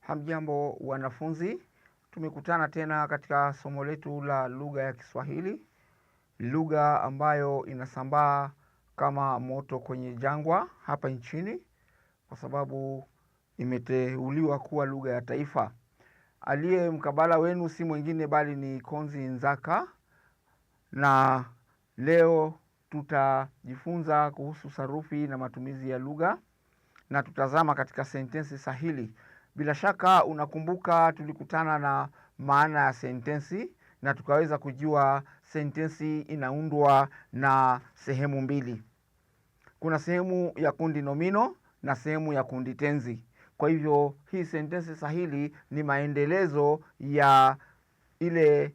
Hamjambo wanafunzi, tumekutana tena katika somo letu la lugha ya Kiswahili, lugha ambayo inasambaa kama moto kwenye jangwa hapa nchini, kwa sababu imeteuliwa kuwa lugha ya taifa. Aliye mkabala wenu si mwingine bali ni Konzi Nzaka, na leo tutajifunza kuhusu sarufi na matumizi ya lugha na tutazama katika sentensi sahili. Bila shaka unakumbuka tulikutana na maana ya sentensi na tukaweza kujua sentensi inaundwa na sehemu mbili. Kuna sehemu ya kundi nomino na sehemu ya kundi tenzi. Kwa hivyo hii sentensi sahili ni maendelezo ya ile,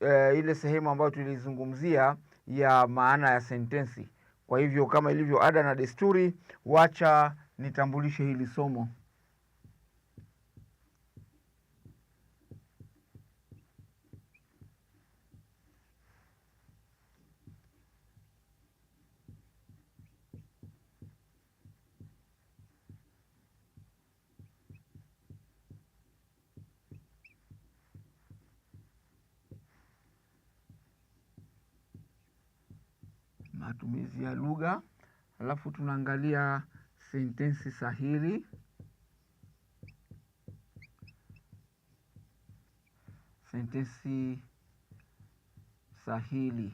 e, ile sehemu ambayo tulizungumzia ya maana ya sentensi. Kwa hivyo kama ilivyo ada na desturi, wacha nitambulishe hili somo. matumizi ya lugha, alafu tunaangalia sentensi sahili. Sentensi sahili.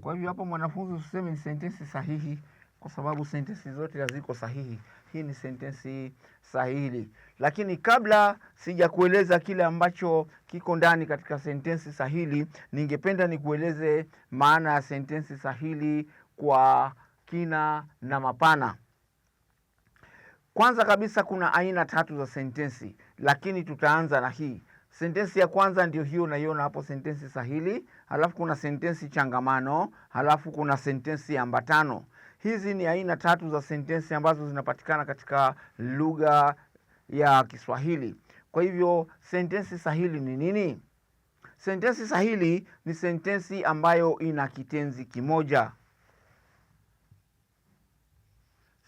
Kwa hivyo, hapo mwanafunzi, usiseme ni sentensi sahihi, kwa sababu sentensi zote haziko sahihi. Hii ni sentensi sahihi, lakini kabla sijakueleza kile ambacho kiko ndani katika sentensi sahihi, ningependa nikueleze maana ya sentensi sahihi kwa kina na mapana. Kwanza kabisa, kuna aina tatu za sentensi, lakini tutaanza na hii sentensi ya kwanza ndio hiyo unaiona hapo, sentensi sahihi. Halafu kuna sentensi changamano, halafu kuna sentensi ambatano. Hizi ni aina tatu za sentensi ambazo zinapatikana katika lugha ya Kiswahili. Kwa hivyo sentensi sahili ni nini? Sentensi sahili ni sentensi ambayo ina kitenzi kimoja.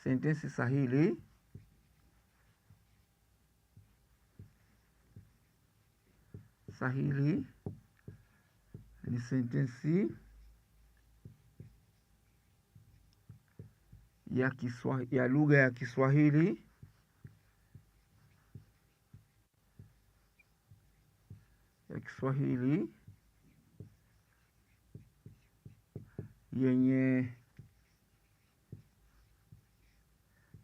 Sentensi sahili sahili ni sentensi ya, kiswa, ya lugha ya Kiswahili ya Kiswahili yenye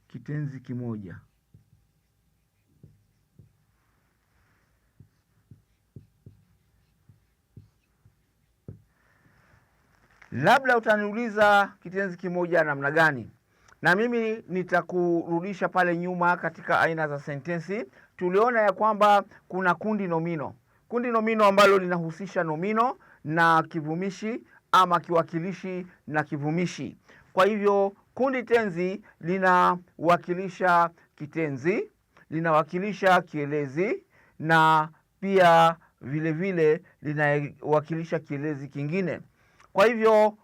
kitenzi kimoja Labda utaniuliza kitenzi kimoja namna gani? na mimi nitakurudisha pale nyuma katika aina za sentensi. Tuliona ya kwamba kuna kundi nomino, kundi nomino ambalo linahusisha nomino na kivumishi ama kiwakilishi na kivumishi. Kwa hivyo kundi tenzi linawakilisha kitenzi, linawakilisha kielezi na pia vilevile linawakilisha kielezi kingine. Kwa hivyo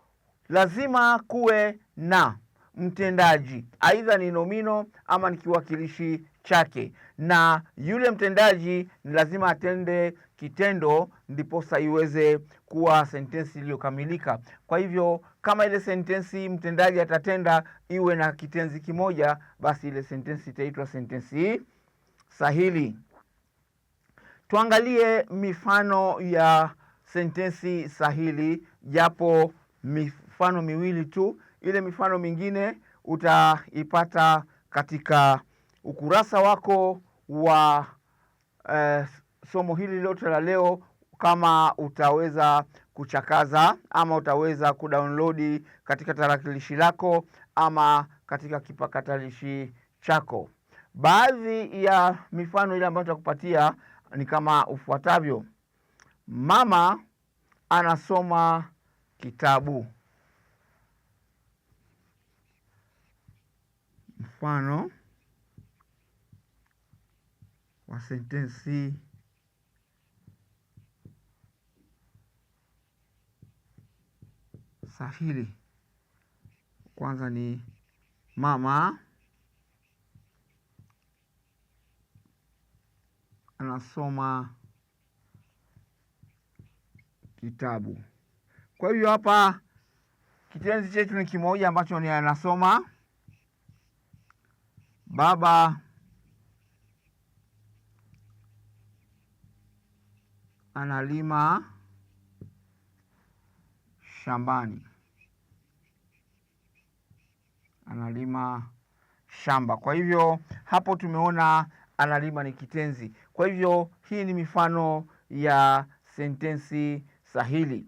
lazima kuwe na mtendaji, aidha ni nomino ama ni kiwakilishi chake, na yule mtendaji ni lazima atende kitendo ndiposa iweze kuwa sentensi iliyokamilika. Kwa hivyo kama ile sentensi mtendaji atatenda iwe na kitenzi kimoja, basi ile sentensi itaitwa sentensi sahili. Tuangalie mifano ya sentensi sahili, japo mifano miwili tu ile mifano mingine utaipata katika ukurasa wako wa eh, somo hili lote la leo, kama utaweza kuchakaza ama utaweza kudownload katika tarakilishi lako ama katika kipakatalishi chako. Baadhi ya mifano ile ambayo nitakupatia ni kama ufuatavyo: mama anasoma kitabu. mfano wa sentensi sahili. Kwanza ni mama anasoma kitabu. Kwa hiyo hapa kitenzi chetu ni kimoja ambacho ni anasoma Baba analima shambani, analima shamba. Kwa hivyo hapo tumeona analima ni kitenzi. Kwa hivyo hii ni mifano ya sentensi sahili.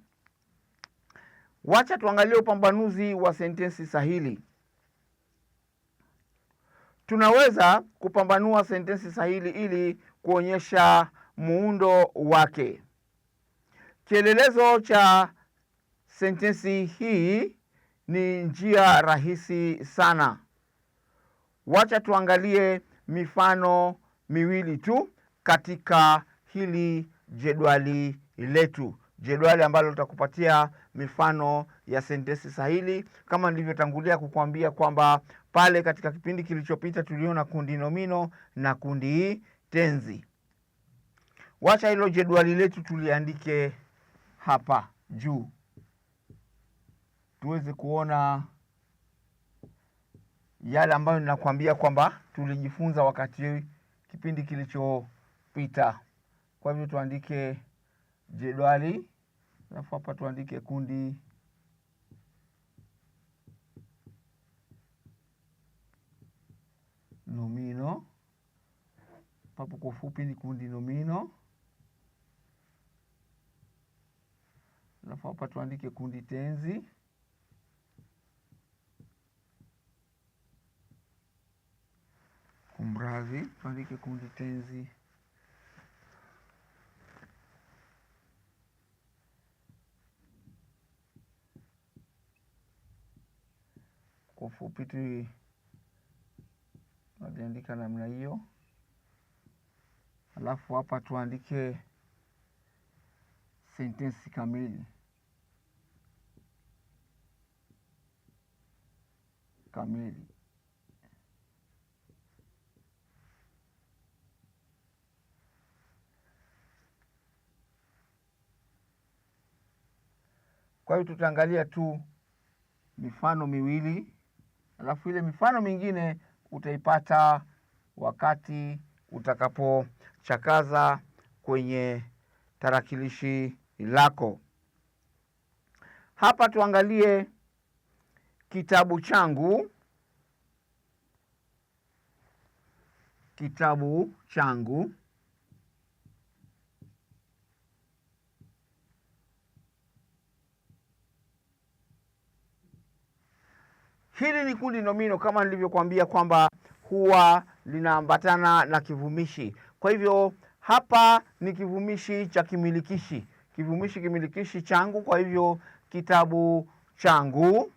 Wacha tuangalie upambanuzi wa sentensi sahili tunaweza kupambanua sentensi sahili ili kuonyesha muundo wake. Kielelezo cha sentensi hii ni njia rahisi sana. Wacha tuangalie mifano miwili tu katika hili jedwali letu, jedwali ambalo litakupatia mifano ya sentensi sahili, kama nilivyotangulia kukuambia kwamba pale katika kipindi kilichopita tuliona kundi nomino na kundi tenzi. Wacha hilo jedwali letu tuliandike hapa juu tuweze kuona yale ambayo ninakwambia kwamba tulijifunza wakati kipindi kilichopita. Kwa hivyo tuandike jedwali, alafu hapa tuandike kundi nomino. Papo kwa ufupi ni kundi nomino, alafu hapa tuandike kundi tenzi Kumradhi, tuandike kundi tenzi kwa ufupi tu tunaziandika namna hiyo, alafu hapa tuandike sentensi kamili kamili Kwa hiyo tutaangalia tu mifano miwili, alafu ile mifano mingine utaipata wakati utakapochakaza kwenye tarakilishi lako. Hapa tuangalie kitabu changu, kitabu changu. Hili ni kundi nomino kama nilivyokuambia kwamba huwa linaambatana na kivumishi. Kwa hivyo hapa ni kivumishi cha kimilikishi, kivumishi kimilikishi changu. Kwa hivyo kitabu changu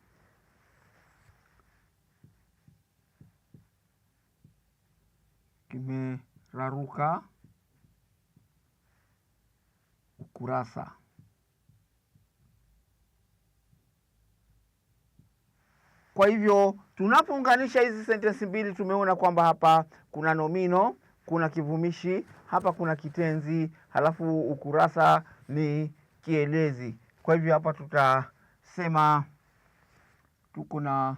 kimeraruka ukurasa. Kwa hivyo tunapounganisha hizi sentensi mbili, tumeona kwamba hapa kuna nomino, kuna kivumishi, hapa kuna kitenzi, halafu ukurasa ni kielezi. Kwa hivyo hapa tutasema tuko na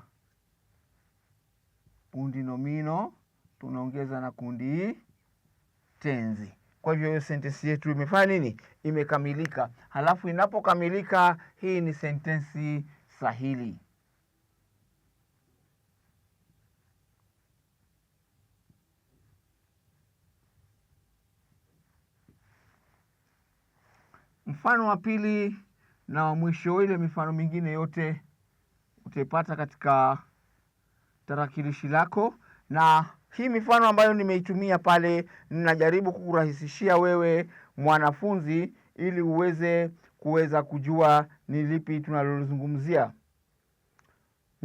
kundi nomino tunaongeza na kundi tenzi. Kwa hivyo hiyo sentensi yetu imefanya nini? Imekamilika. Halafu inapokamilika, hii ni sentensi sahili. Mfano wa pili na wa mwisho, ile mifano mingine yote utaipata katika tarakilishi lako, na hii mifano ambayo nimeitumia pale, ninajaribu kukurahisishia wewe mwanafunzi, ili uweze kuweza kujua ni lipi tunalolizungumzia.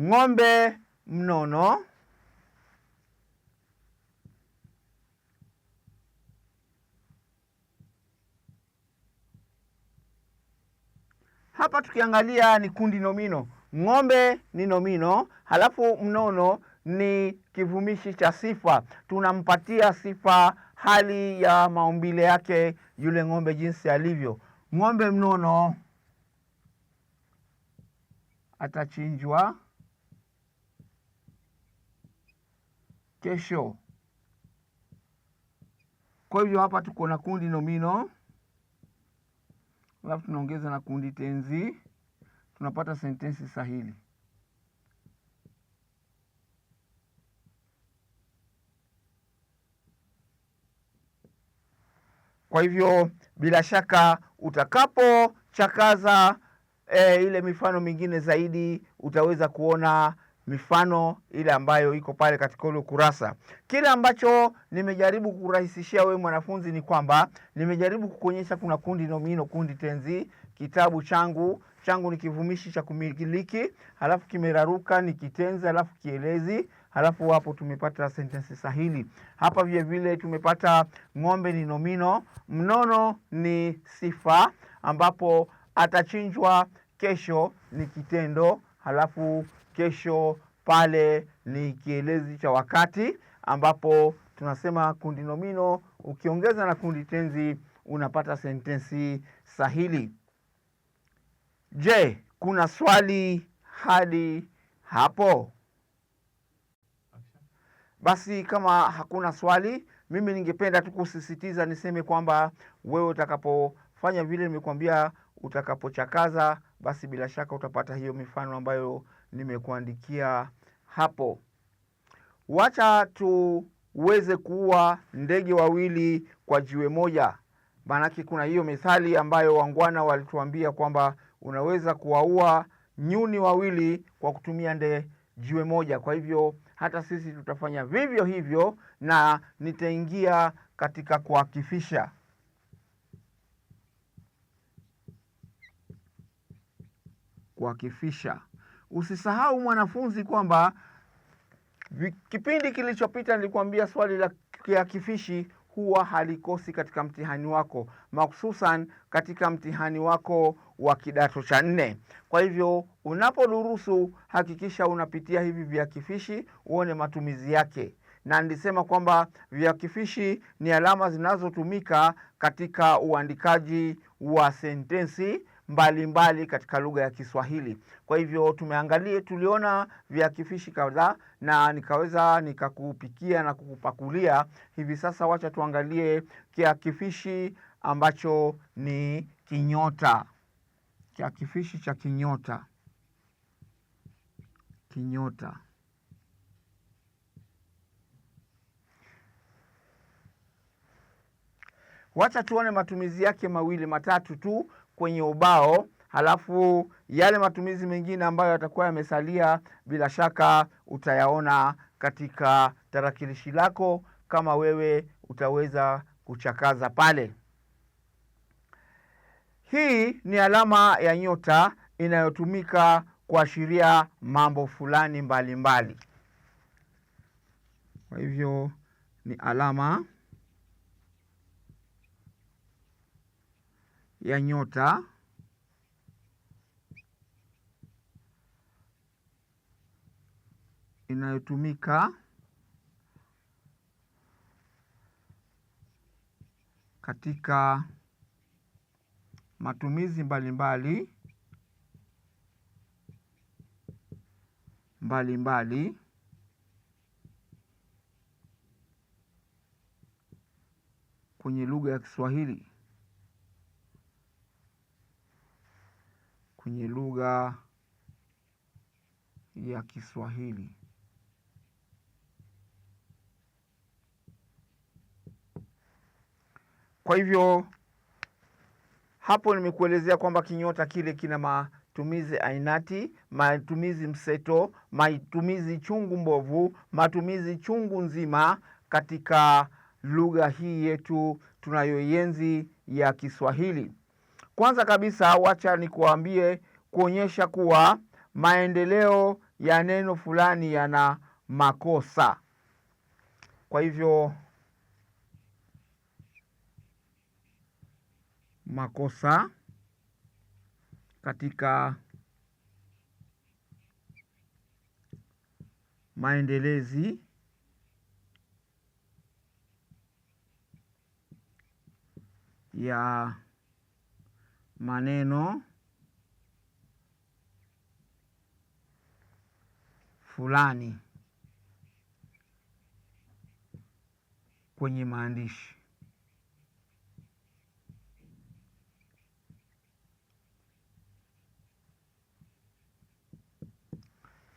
Ng'ombe mnono Hapa tukiangalia ni kundi nomino, ng'ombe ni nomino, halafu mnono ni kivumishi cha sifa. Tunampatia sifa hali ya maumbile yake yule ng'ombe, jinsi alivyo. Ng'ombe mnono atachinjwa kesho. Kwa hivyo hapa tuko na kundi nomino alafu tunaongeza na kundi tenzi, tunapata sentensi sahili. Kwa hivyo bila shaka utakapochakaza e, eh, ile mifano mingine zaidi utaweza kuona mifano ile ambayo iko pale katika ule ukurasa. Kile ambacho nimejaribu kurahisishia wewe mwanafunzi ni kwamba nimejaribu kukuonyesha kuna kundi nomino, kundi tenzi, kitabu changu changu ni kivumishi cha kumiliki, halafu kimeraruka ni kitenzi, halafu kielezi, halafu hapo tumepata sentensi sahili. Hapa vile vile tumepata ng'ombe ni nomino, mnono ni sifa, ambapo atachinjwa kesho ni kitendo, halafu kesho pale ni kielezi cha wakati ambapo tunasema kundi nomino ukiongeza na kundi tenzi unapata sentensi sahili. Je, kuna swali hadi hapo? Basi kama hakuna swali, mimi ningependa tu kusisitiza niseme kwamba wewe utakapofanya vile nimekuambia, utakapochakaza, basi bila shaka utapata hiyo mifano ambayo nimekuandikia hapo. Wacha tuweze kuua ndege wawili kwa jiwe moja, maanake kuna hiyo methali ambayo wangwana walituambia kwamba unaweza kuwaua nyuni wawili kwa kutumia nde jiwe moja. Kwa hivyo hata sisi tutafanya vivyo hivyo, na nitaingia katika kuakifisha. Kuakifisha Usisahau mwanafunzi kwamba kipindi kilichopita nilikuambia swali la kiakifishi huwa halikosi katika mtihani wako, makhususan katika mtihani wako wa kidato cha nne. Kwa hivyo unapodurusu, hakikisha unapitia hivi viakifishi uone matumizi yake, na nilisema kwamba viakifishi ni alama zinazotumika katika uandikaji wa sentensi mbalimbali mbali katika lugha ya Kiswahili. Kwa hivyo tumeangalia, tuliona viakifishi kadhaa na nikaweza nikakupikia na kukupakulia. Hivi sasa wacha tuangalie kiakifishi ambacho ni kinyota. Kiakifishi cha kinyota. Kinyota. Wacha tuone matumizi yake mawili matatu tu kwenye ubao, halafu yale matumizi mengine ambayo yatakuwa yamesalia, bila shaka utayaona katika tarakilishi lako kama wewe utaweza kuchakaza pale. Hii ni alama ya nyota inayotumika kuashiria mambo fulani mbalimbali. Kwa hivyo ni alama ya nyota inayotumika katika matumizi mbalimbali mbalimbali kwenye lugha ya Kiswahili. kwenye lugha ya Kiswahili. Kwa hivyo hapo nimekuelezea kwamba kinyota kile kina matumizi ainati, matumizi mseto, matumizi chungu mbovu, matumizi chungu nzima katika lugha hii yetu tunayoienzi ya Kiswahili. Kwanza kabisa, wacha nikuambie kuonyesha kuwa maendeleo ya neno fulani yana makosa. Kwa hivyo makosa katika maendelezi ya maneno fulani kwenye maandishi.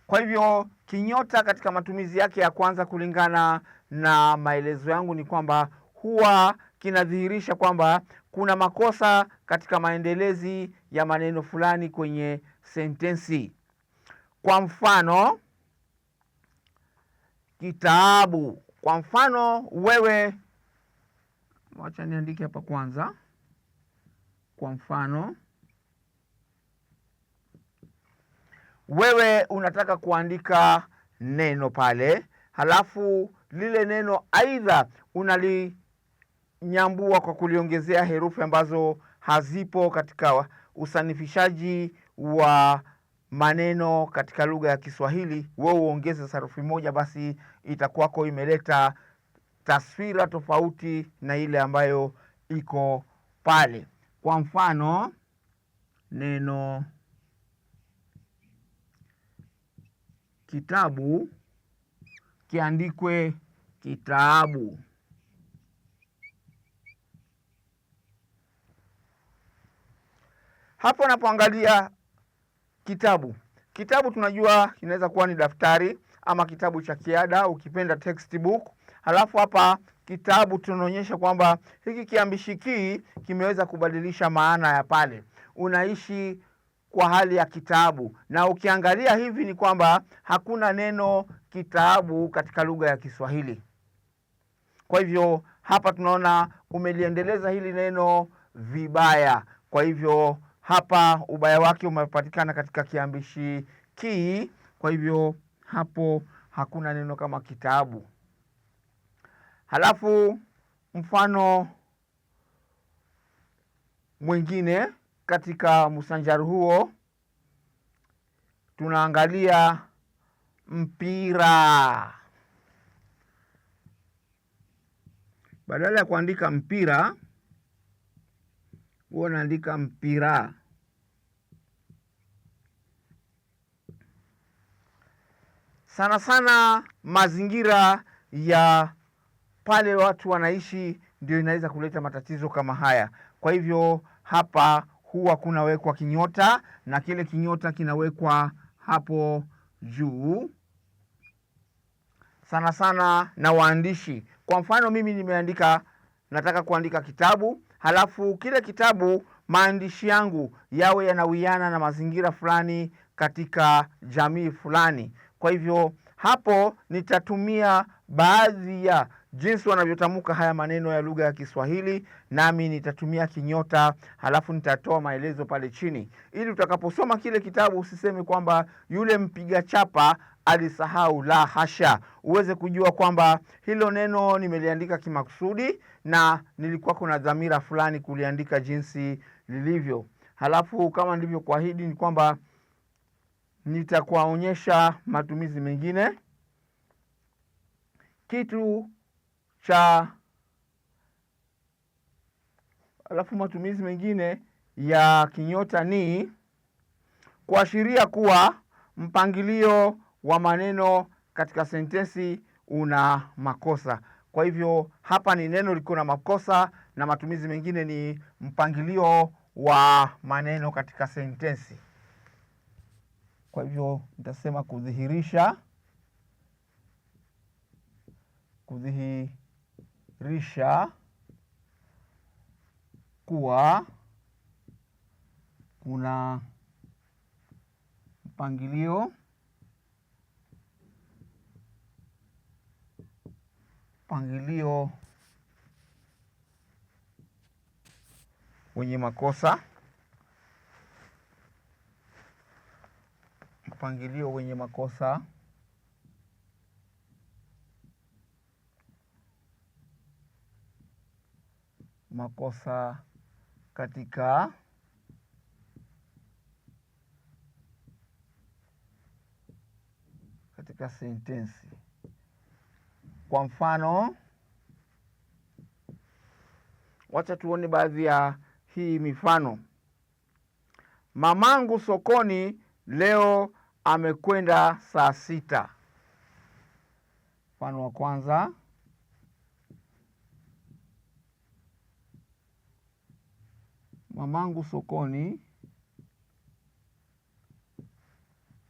Kwa hivyo kinyota katika matumizi yake ya kwanza, kulingana na maelezo yangu, ni kwamba huwa kinadhihirisha kwamba kuna makosa katika maendelezi ya maneno fulani kwenye sentensi. Kwa mfano kitabu, kwa mfano wewe, wacha niandike hapa kwanza. Kwa mfano wewe unataka kuandika neno pale, halafu lile neno aidha unali nyambua kwa kuliongezea herufi ambazo hazipo katika usanifishaji wa maneno katika lugha ya Kiswahili, wewe uongeze sarufi moja, basi itakuwako imeleta taswira tofauti na ile ambayo iko pale. Kwa mfano neno kitabu kiandikwe kitaabu. Hapo unapoangalia kitabu, kitabu tunajua kinaweza kuwa ni daftari ama kitabu cha kiada, ukipenda textbook. Halafu hapa kitabu tunaonyesha kwamba hiki kiambishi kii kimeweza kubadilisha maana ya pale, unaishi kwa hali ya kitabu. Na ukiangalia hivi ni kwamba hakuna neno kitabu katika lugha ya Kiswahili. Kwa hivyo hapa tunaona umeliendeleza hili neno vibaya, kwa hivyo hapa ubaya wake umepatikana katika kiambishi ki, kwa hivyo hapo hakuna neno kama kitabu. Halafu mfano mwingine katika msanjari huo tunaangalia mpira. Badala ya kuandika mpira huwa naandika mpira sana sana. Mazingira ya pale watu wanaishi ndio inaweza kuleta matatizo kama haya. Kwa hivyo hapa huwa kunawekwa kinyota na kile kinyota kinawekwa hapo juu sana sana na waandishi. Kwa mfano mimi nimeandika, nataka kuandika kitabu halafu kile kitabu maandishi yangu yawe yanawiana na mazingira fulani katika jamii fulani. Kwa hivyo hapo nitatumia baadhi ya jinsi wanavyotamka haya maneno ya lugha ya Kiswahili, nami nitatumia kinyota, halafu nitatoa maelezo pale chini, ili utakaposoma kile kitabu usiseme kwamba yule mpiga chapa alisahau, la hasha, uweze kujua kwamba hilo neno nimeliandika kimakusudi na nilikuwa kuna dhamira fulani kuliandika jinsi lilivyo. Halafu kama nilivyokuahidi ni kwamba nitakuwaonyesha matumizi mengine. Kitu cha alafu matumizi mengine ya kinyota ni kuashiria kuwa mpangilio wa maneno katika sentensi una makosa. Kwa hivyo hapa ni neno liko na makosa, na matumizi mengine ni mpangilio wa maneno katika sentensi. Kwa hivyo nitasema kudhihirisha, kudhihirisha kuwa kuna mpangilio mpangilio wenye makosa, mpangilio wenye makosa makosa katika katika sentensi. Kwa mfano, wacha tuone baadhi ya hii mifano. Mamangu sokoni leo amekwenda saa sita. Mfano wa kwanza. Mamangu sokoni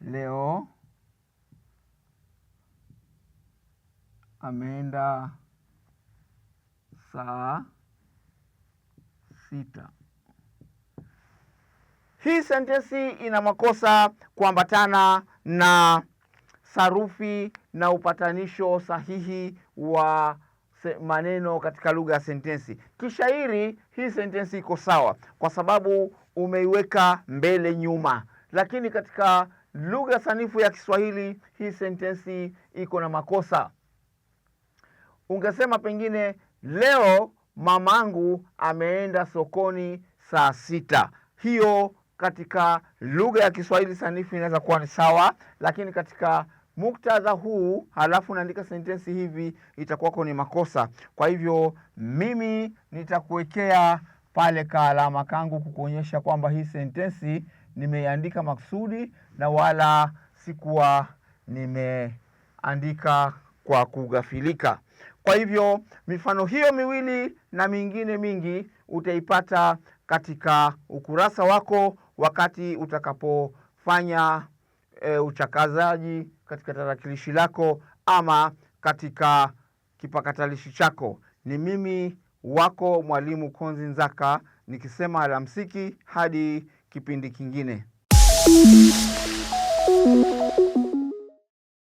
leo ameenda saa sita. Hii sentensi ina makosa kuambatana na sarufi na upatanisho sahihi wa maneno katika lugha ya sentensi. Kishairi hii sentensi iko sawa kwa sababu umeiweka mbele nyuma, lakini katika lugha sanifu ya Kiswahili hii sentensi iko na makosa ungesema pengine leo mamangu ameenda sokoni saa sita. Hiyo katika lugha ya Kiswahili sanifu inaweza kuwa ni sawa, lakini katika muktadha huu halafu naandika sentensi hivi itakuwako ni makosa. Kwa hivyo mimi nitakuwekea pale kaalama kangu kukuonyesha kwamba hii sentensi nimeiandika maksudi na wala sikuwa nimeandika kwa kughafilika. Kwa hivyo mifano hiyo miwili na mingine mingi utaipata katika ukurasa wako wakati utakapofanya e, uchakazaji katika tarakilishi lako ama katika kipakatalishi chako. Ni mimi wako mwalimu Konzi Nzaka nikisema alamsiki hadi kipindi kingine.